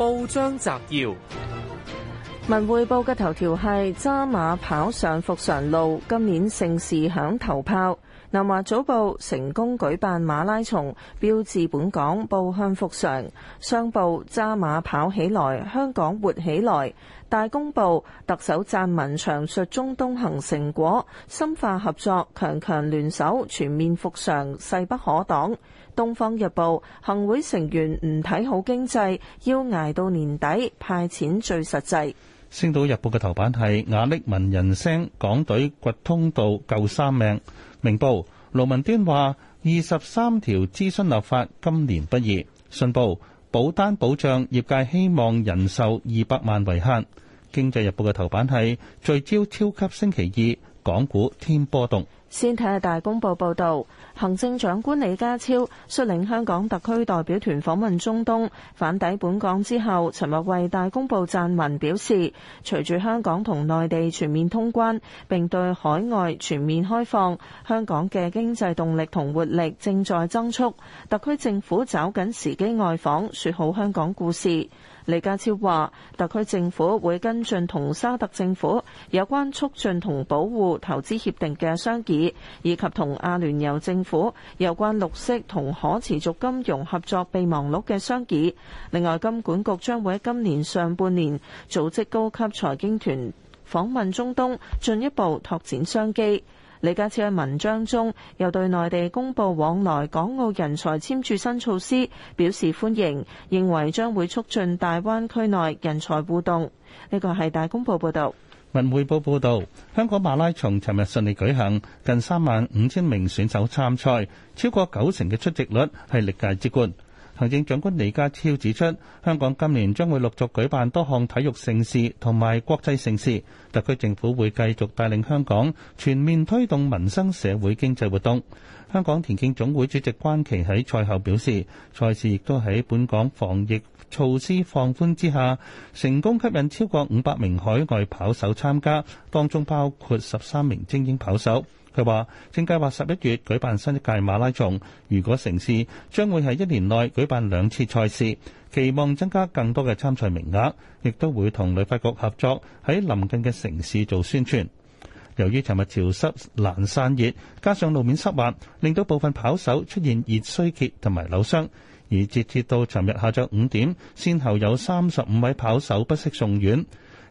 報章摘要：文匯報嘅頭條係：渣馬跑上復常路，今年盛事響頭炮。南華早報成功舉辦馬拉松，標誌本港步向復常。商報揸馬跑起來，香港活起來。大公報特首撰文長述中東行成果，深化合作，強強聯手，全面復常，勢不可擋。東方日報行會成員唔睇好經濟，要挨到年底派錢最實際。星島日報嘅頭版係瓦礫聞人聲，港隊掘通道救三命。明報盧文端話：二十三條諮詢立法今年不易。信報保單保障業界希望人壽二百萬為限。經濟日報嘅頭版係聚焦超級星期二，港股添波動。先睇下大公報報導，行政長官李家超率領香港特區代表團訪問中東反抵本港之後，尋日為大公報撰文表示：隨住香港同內地全面通關並對海外全面開放，香港嘅經濟動力同活力正在增速。特區政府找緊時機外訪，說好香港故事。李家超話：特區政府會跟進同沙特政府有關促進同保護投資協定嘅商議。以及同阿聯酋政府有關綠色同可持續金融合作備忘錄嘅商議。另外，金管局將會喺今年上半年組織高級財經團訪問中東，進一步拓展商機。李家超喺文章中又對內地公佈往來港澳人才簽注新措施表示歡迎，認為將會促進大灣區內人才互動。呢個係大公報報道。文匯報報道，香港馬拉松尋日順利舉行，近三萬五千名選手參賽，超過九成嘅出席率係歷屆之冠。行政長官李家超指出，香港今年將會陸續舉辦多項體育盛事同埋國際盛事，特區政府會繼續帶領香港全面推動民生社會經濟活動。香港田徑總會主席關祺喺賽後表示，賽事亦都喺本港防疫措施放寬之下，成功吸引超過五百名海外跑手參加，當中包括十三名精英跑手。佢話：正計劃十一月舉辦新一屆馬拉松。如果成事將會喺一年內舉辦兩次賽事，期望增加更多嘅參賽名額，亦都會同旅發局合作喺臨近嘅城市做宣傳。由於尋日潮濕難散熱，加上路面濕滑，令到部分跑手出現熱衰竭同埋扭傷。而截至到尋日下晝五點，先後有三十五位跑手不適送院。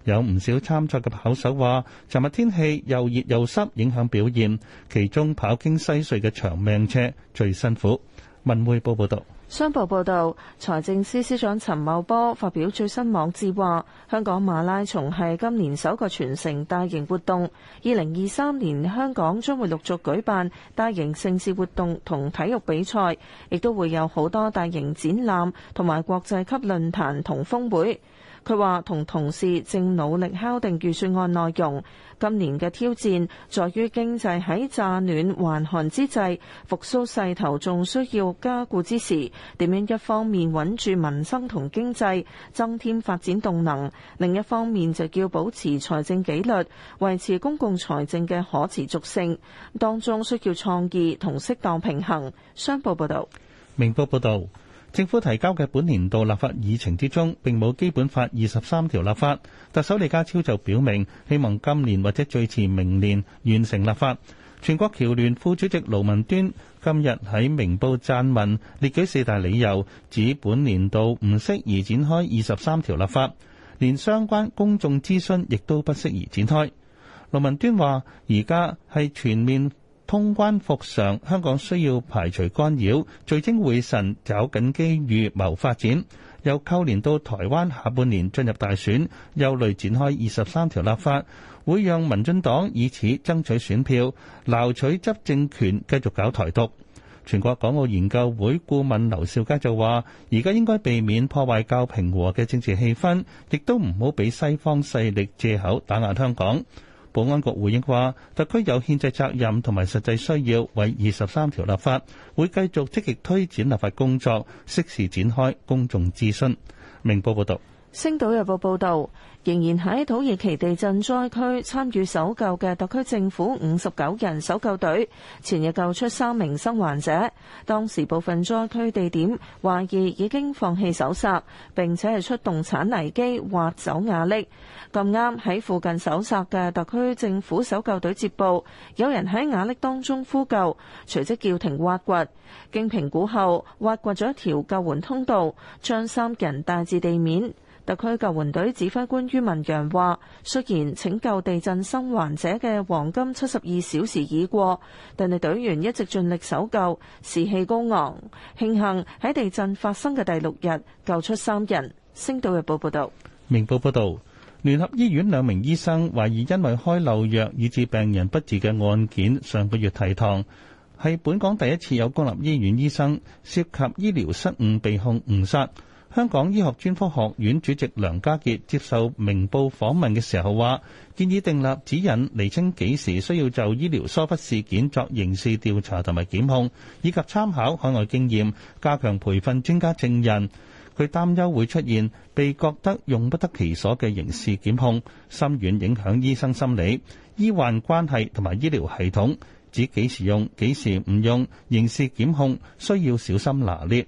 有唔少參賽嘅跑手話，尋日天氣又熱又濕，影響表現。其中跑經西隧嘅長命車最辛苦。文匯報報道，商報報道，財政司司長陳茂波發表最新網誌話，香港馬拉松係今年首個全城大型活動。二零二三年香港將會陸續舉辦大型盛事活動同體育比賽，亦都會有好多大型展覽同埋國際級論壇同峰會。佢話：同同事正努力敲定預算案內容。今年嘅挑戰，在於經濟喺乍暖還寒之際，復甦勢頭仲需要加固之時，點樣一方面穩住民生同經濟，增添發展動能；另一方面就叫保持財政紀律，維持公共財政嘅可持續性。當中需要創意同適當平衡。商報報道。明報報導。政府提交嘅本年度立法議程之中並冇基本法二十三條立法，特首李家超就表明希望今年或者最遲明年完成立法。全國僑聯副主席盧文端今日喺明報撰文，列舉四大理由，指本年度唔適宜展開二十三條立法，連相關公眾諮詢亦都不適宜展開。盧文端話而家係全面，通關復常，香港需要排除干擾，聚精會神找緊機遇謀發展。又扣連到台灣下半年進入大選，又嚟展開二十三條立法，會讓民進黨以此爭取選票，撈取執政權，繼續搞台獨。全國港澳研究會顧問劉兆佳就話：而家應該避免破壞較平和嘅政治氣氛，亦都唔好俾西方勢力借口打壓香港。保安局回應話，特區有憲制責任同埋實際需要，為二十三條立法，會繼續積極推展立法工作，適時展開公眾諮詢。明報報道。星島日報報道，仍然喺土耳其地震災區參與搜救嘅特區政府五十九人搜救隊，前日救出三名生還者。當時部分災區地點懷疑已經放棄搜索，並且係出動鏟泥機挖走瓦礫。咁啱喺附近搜索嘅特區政府搜救隊接報，有人喺瓦礫當中呼救，隨即叫停挖掘。經評估後，挖掘咗一條救援通道，將三人帶至地面。特區救援隊指揮官於文揚話：雖然拯救地震生還者嘅黃金七十二小時已過，但係隊員一直盡力搜救，士氣高昂。慶幸喺地震發生嘅第六日救出三人。星島日報報道。明報報道，聯合醫院兩名醫生懷疑因為開漏藥以致病人不治嘅案件，上個月提堂，係本港第一次有公立醫院醫生涉及醫療失誤被控誤殺。香港醫學專科學院主席梁家傑接受明報訪問嘅時候話，建議訂立指引厘清幾時需要就醫療疏忽事件作刑事調查同埋檢控，以及參考海外經驗加強培訓專家證人。佢擔憂會出現被覺得用不得其所嘅刑事檢控，深遠影響醫生心理、醫患關係同埋醫療系統。指幾時用，幾時唔用刑事檢控，需要小心拿捏。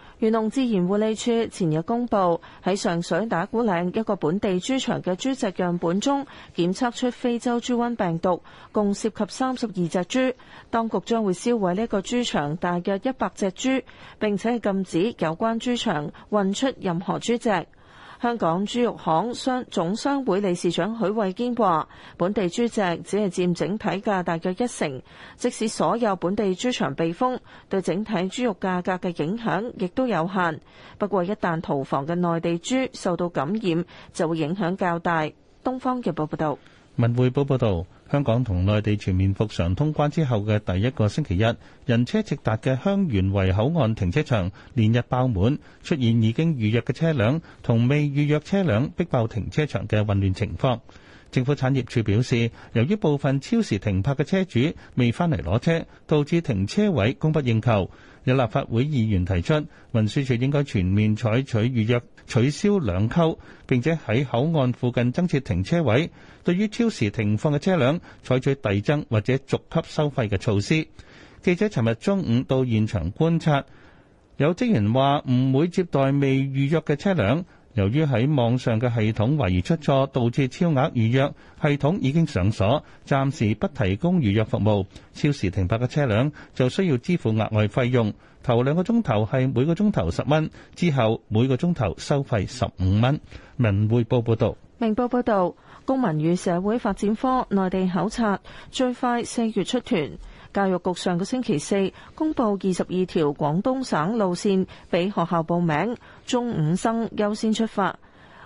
元朗自然護理處前日公布，喺上水打鼓嶺一個本地豬場嘅豬隻樣本中，檢測出非洲豬瘟病毒，共涉及三十二隻豬。當局將會燒毀呢個豬場，大約一百隻豬，並且係禁止有關豬場運出任何豬隻。香港豬肉行商總商會理事長許偉堅話，本地豬隻只係佔整體價大約一成，即使所有本地豬場被封，對整體豬肉價格嘅影響亦都有限。不過，一旦屠房嘅內地豬受到感染，就會影響較大。《東方日報》報道。文香港同內地全面復常通關之後嘅第一個星期日，人車直達嘅香園圍口岸停車場連日爆滿，出現已經預約嘅車輛同未預約車輛逼爆停車場嘅混亂情況。政府產業署表示，由於部分超時停泊嘅車主未翻嚟攞車，導致停車位供不應求。有立法會議員提出，運輸署應該全面採取預約、取消兩溝，並且喺口岸附近增設停車位。對於超時停放嘅車輛，採取遞增或者逐級收費嘅措施。記者尋日中午到現場觀察，有職員話唔會接待未預約嘅車輛。由於喺網上嘅系統懷疑出錯，導致超額預約，系統已經上鎖，暫時不提供預約服務。超時停泊嘅車輛就需要支付額外費用，頭兩個鐘頭係每個鐘頭十蚊，之後每個鐘頭收費十五蚊。文匯報報道：「明報報道，公民與社會發展科內地考察最快四月出團。教育局上個星期四公佈二十二條廣東省路線俾學校報名。中五生優先出發，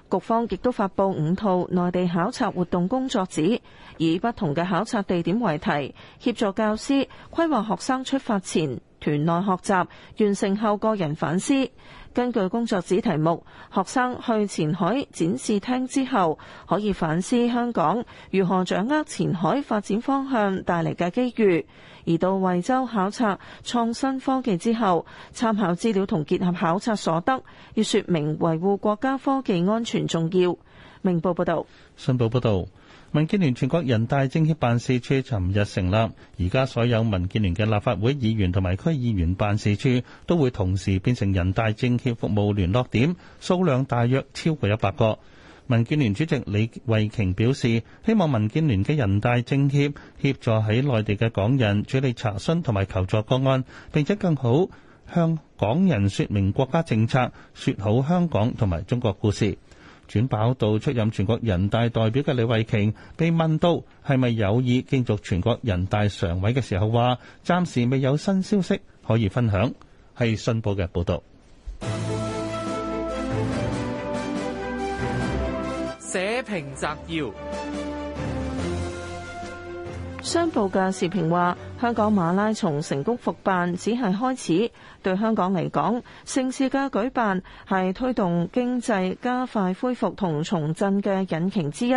局方亦都發佈五套內地考察活動工作紙，以不同嘅考察地點為題，協助教師規劃學生出發前。團內學習完成後，個人反思。根據工作紙題目，學生去前海展示廳之後，可以反思香港如何掌握前海發展方向帶嚟嘅機遇。而到惠州考察創新科技之後，參考資料同結合考察所得，要說明維護國家科技安全重要。明報報道，信報報道：民建聯全國人大政協辦事處尋日成立，而家所有民建聯嘅立法會議員同埋區議員辦事處都會同時變成人大政協服務聯絡點，數量大約超過一百個。民建聯主席李慧瓊表示，希望民建聯嘅人大政協協助喺內地嘅港人處理查詢同埋求助個案，並且更好向港人說明國家政策，說好香港同埋中國故事。轉跑道出任全國人大代表嘅李慧瓊，被問到係咪有意競逐全國人大常委嘅時候，話暫時未有新消息可以分享。係信報嘅報道。社評摘要，商報嘅時評話。香港馬拉松成功復辦只係開始，對香港嚟講，盛事嘅舉辦係推動經濟加快恢復同重振嘅引擎之一。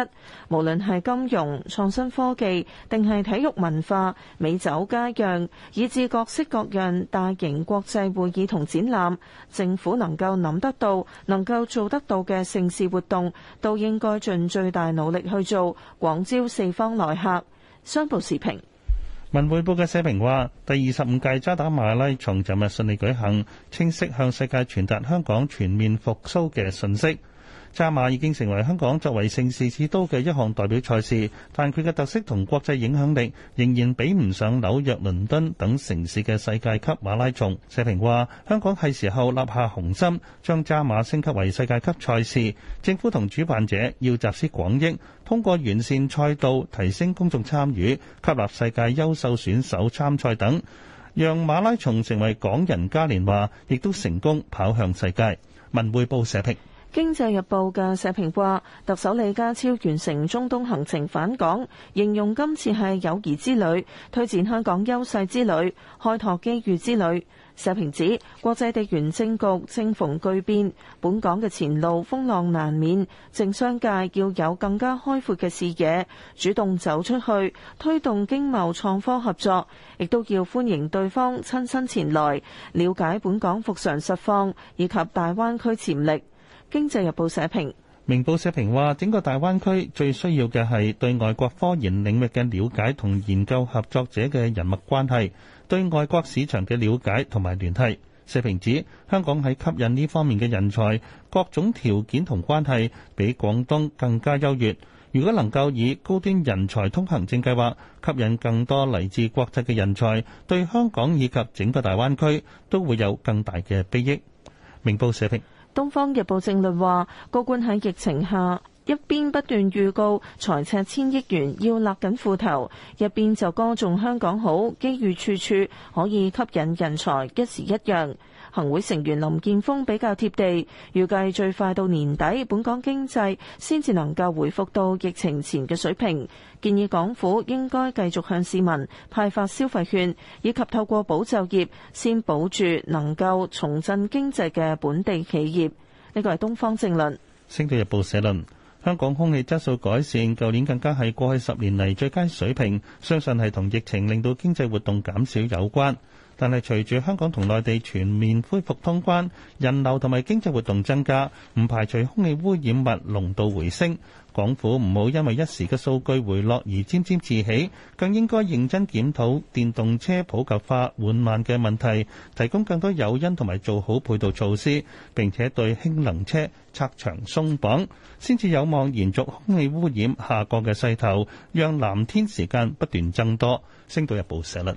無論係金融、創新科技，定係體育文化、美酒佳釀，以至各式各樣大型國際會議同展覽，政府能夠諗得到、能夠做得到嘅盛事活動，都應該盡最大努力去做，廣招四方來客。商報時評。文匯報嘅社評話：第二十五屆渣打馬拉松尋日順利舉行，清晰向世界傳達香港全面復蘇嘅訊息。渣馬已經成為香港作為盛事之都嘅一項代表賽事，但佢嘅特色同國際影響力仍然比唔上紐約、倫敦等城市嘅世界級馬拉松。社評話：香港係時候立下雄心，將渣馬升級為世界級賽事。政府同主辦者要集思廣益，通過完善賽道、提升公眾參與、吸納世界優秀選手參賽等，讓馬拉松成為港人嘉年華，亦都成功跑向世界。文匯報社評。《經濟日報》嘅社評話，特首李家超完成中東行程返港，形容今次係友誼之旅、推薦香港優勢之旅、開拓機遇之旅。社評指國際地緣政局正逢巨變，本港嘅前路風浪難免，政商界要有更加開闊嘅視野，主動走出去推動經貿創科合作，亦都要歡迎對方親身前來了解本港復常實況以及大灣區潛力。經濟日報社評，明報社評話：整個大灣區最需要嘅係對外國科研領域嘅了解同研究合作者嘅人脈關係，對外國市場嘅了解同埋聯繫。社評指香港喺吸引呢方面嘅人才，各種條件同關係比廣東更加優越。如果能夠以高端人才通行證計劃吸引更多嚟自國際嘅人才，對香港以及整個大灣區都會有更大嘅裨益。明報社評。《東方日報政論》話：高官喺疫情下一邊不斷預告財赤千億元要勒緊褲頭，一邊就歌頌香港好，機遇處處可以吸引人才，一時一樣。行會成員林建峰比較貼地，預計最快到年底，本港經濟先至能夠回復到疫情前嘅水平。建議港府應該繼續向市民派發消費券，以及透過保就業先保住能夠重振經濟嘅本地企業。呢個係《東方正論》。星島日報社論：香港空氣質素改善，舊年更加係過去十年嚟最佳水平，相信係同疫情令到經濟活動減少有關。但係隨住香港同內地全面恢復通關，人流同埋經濟活動增加，唔排除空氣污染物濃度回升。港府唔好因為一時嘅數據回落而沾沾自喜，更應該認真檢討電動車普及化緩慢嘅問題，提供更多誘因同埋做好配套措施，並且對氫能車拆牆鬆綁，先至有望延續空氣污染下降嘅勢頭，讓藍天時間不斷增多。星島日報社論。